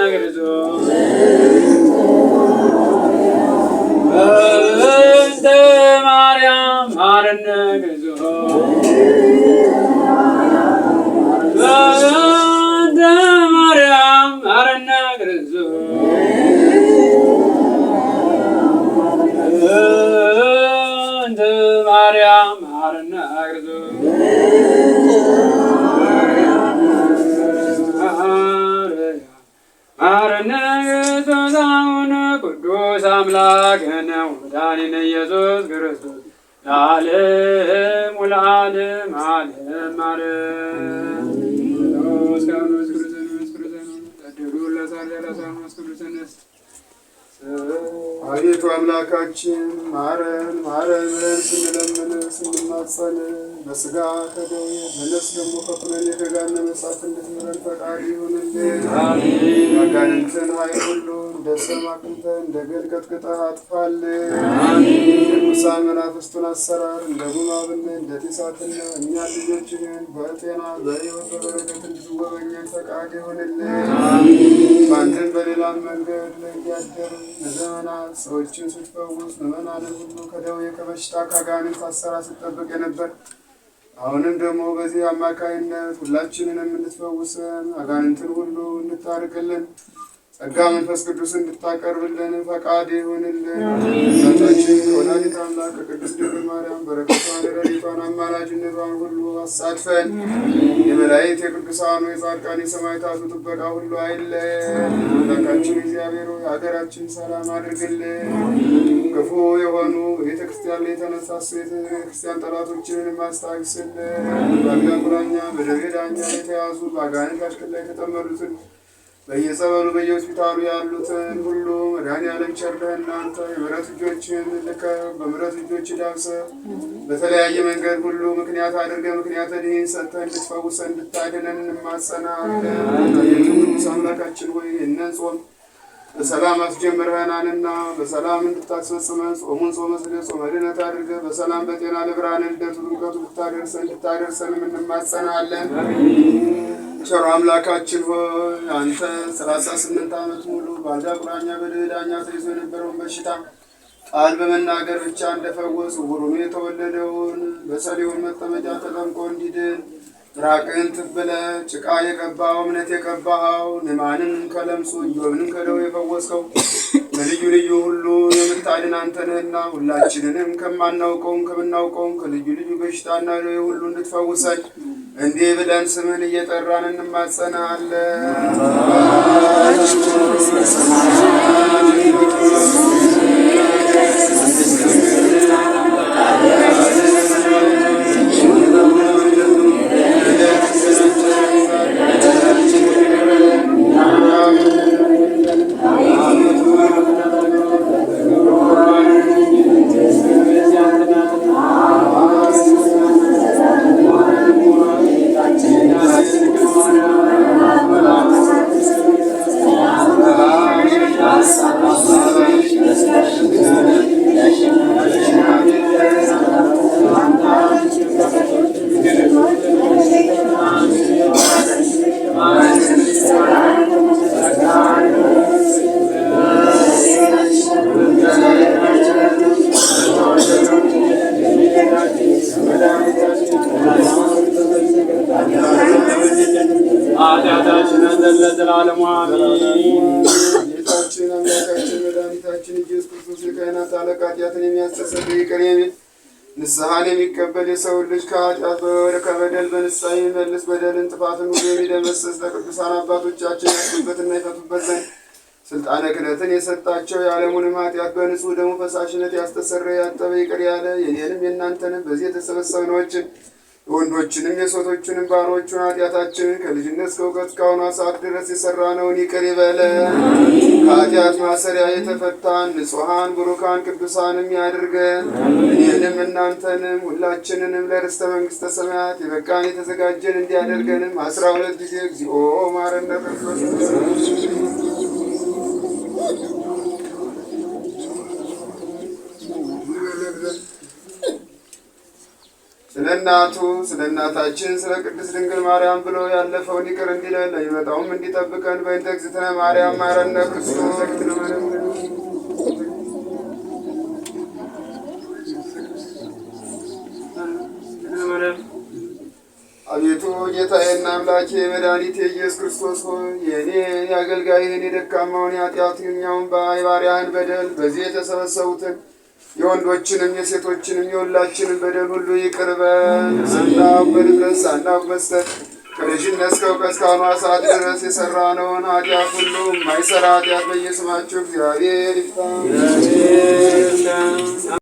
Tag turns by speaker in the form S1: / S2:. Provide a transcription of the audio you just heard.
S1: አግርዞ በእንተ ማርያም ማረነ ግዞ በእንተ ማርያም ማረነ ግዞ በእንተ ማርያም ማረነ ግዞ ማረነ ኢየሱስ አቡነ ቅዱስ አምላክነ ወመድኃኒነ ኢየሱስ ክርስቶስ ለዓለሙ ለዓለም ዓለም ማረን። ቅዱስ ቅዱስ ቅዱስ ቅዱስ ቅዱስ ቅዱስ ቅዱስ አቤቱ አምላካችን ማረን ማረን ብለን ስንለምን ስንማጸን በስጋ ከደዌ በነፍስ ደግሞ ከፍለን የተጋነመ እሳት እንድትምረን ፈቃድ ይሁንልን። አጋንንትን ኃይል ሁሉ እንደ ሰም አቅንተህ እንደ ገል ቀጥቅጠህ አጥፋልን። የሙሳ መናፍስቱን አሰራር እንደ ጉማብን እንደ ቲሳትን እኛ ልጆችህን በጤና በሕይወት በበረከት እንድትጎበኘን ፈቃድ ይሁንልን። ባንድን በሌላም መንገድ ለያደር ለዘመናት ሰዎችን ስትፈውስ ምዕመናንን ሁሉ ከደዌ ከበሽታ ከአጋንንት አሰራ ስትጠብቅ የነበር አሁንም ደግሞ በዚህ አማካይነት ሁላችንን እንድትፈውሰን አጋንንትን ሁሉ እንድታርቅልን ጸጋ መንፈስ ቅዱስ እንድታቀርብልን ፈቃድ ይሁንልን። እናታችን ከወላዲተ አምላክ ከቅድስት ድንግል ማርያም በረከቷን ረድኤቷን አማላጅነቷን ሁሉ አሳትፈን የመላእክት የቅዱሳኑ የጻድቃን የሰማዕታቱ ጥበቃ ሁሉ አይለየን። አምላካችን እግዚአብሔር ሆይ ሀገራችን ሰላም አድርግልን። ክፉ የሆኑ ቤተክርስቲያን ላይ የተነሳሱ ቤተክርስቲያን ጠላቶችን ማስታግስልን። በአልጋ ቁራኛ በደዌ ዳኛ የተያዙ በአጋንንት አሽከር ላይ የተጠመዱትን በየጸበሉ በየሆስፒታሉ ያሉትን ሁሉ መድኃኔዓለም ቸርነህ እናንተ የምሕረት እጆችን ልከ በምሕረት እጆች ዳብሰ በተለያየ መንገድ ሁሉ ምክንያት አድርገ ምክንያት ድህን ሰጥተህ እንድትፈውሰ እንድታድነን እንማጸናለን። ቅዱስ አምላካችን ሆይ እነን ጾም በሰላም አስጀምረህናልና በሰላም እንድታስፈጽመን ጾሙን ጾመ ስለ ጾመ ድነት አድርገ በሰላም በጤና ለብርሃነ ልደቱ ድምቀቱ ብታደርሰን እንድታደርሰንም እንማጸናለን። ቸሮ አምላካችን ሆይ አንተ ሰላሳ ስምንት ዓመት ሙሉ በአልጋ ቁራኛ በድህ ዳኛ ተይዞ የነበረውን በሽታ ቃል በመናገር ብቻ እንደፈወስ ውሩኑ የተወለደውን በሰሊሆን መጠመጃ ተጠምቆ እንዲድን ራቅን ትብለ ጭቃ የቀባው እምነት የቀባኸው ንዕማንን ከለምጹ ኢዮብንም ከደው የፈወስከው በልዩ ልዩ ሁሉ የምታድን አንተ ነህና ሁላችንንም ከማናውቀውም ከምናውቀውም ከልዩ ልዩ በሽታና ሁሉ እንድትፈውሰን እንዲህ ብለን ስምን እየጠራን እንማጸናለን። ለዘላለሙ አሜን። ጌታችን አምላካችን መድኃኒታችን ኢየሱስ ክርስቶስ የካህናት አለቃ ኃጢአትን የሚያስተሰርይ ይቅር የሚል ንስሐን የሚቀበል የሰው ልጅ ከኃጢአት ከበደል በንስሐ የሚመልስ በደልን ጥፋትን ሁሉ የሚደመሰስ ለቅዱሳን አባቶቻችን ያስቡበትና ይፈቱበት ዘንድ ስልጣነ ክህነትን የሰጣቸው የዓለሙንም ኃጢአት በንጹሕ ደሙ ፈሳሽነት ያስተሰረ ያጠበ ይቅር ያለ የኔንም የእናንተንም በዚህ የተሰበሰብነዎችን ወንዶችንም የሴቶችንም ባሮቹን ኃጢአታችንን ከልጅነት እስከ እውቀት እስካሁኗ ሰዓት ድረስ የሰራነውን ይቅር ይበለን። ከኃጢአት ማሰሪያ የተፈታን ንጹሐን ብሩካን ቅዱሳንም ያድርገን። እኔንም እናንተንም ሁላችንንም ለርስተ መንግሥተ ሰማያት የበቃን የተዘጋጀን እንዲያደርገንም አስራ ሁለት ጊዜ እግዚኦ ማረነ ክርስቶስ ስለ እናቱ ስለ እናታችን ስለ ቅድስት ድንግል ማርያም ብሎ ያለፈውን ይቅር እንዲለን ለሚመጣውም እንዲጠብቀን በእንተ እግዝእትነ ማርያም ማረነ ክርስቶስ አቤቱ ጌታዬና አምላኬ መድኃኒቴ ኢየሱስ ክርስቶስ ሆይ የእኔ የአገልጋይህን የደካማውን የኃጢአተኛውን ባይ በደል በዚህ የተሰበሰቡትን የወንዶችንም የሴቶችንም የሁላችንም በደል ሁሉ ይቅርበን። በል። ስናውቅ በድፍረት ሳናውቅ በስተት ከልጅነት እስከ እውቀት እስካሁኗ ሰዓት ድረስ የሰራነውን ኃጢአት ሁሉ ማይሰራ ኃጢአት በየስማችሁ እግዚአብሔር ይፍታ።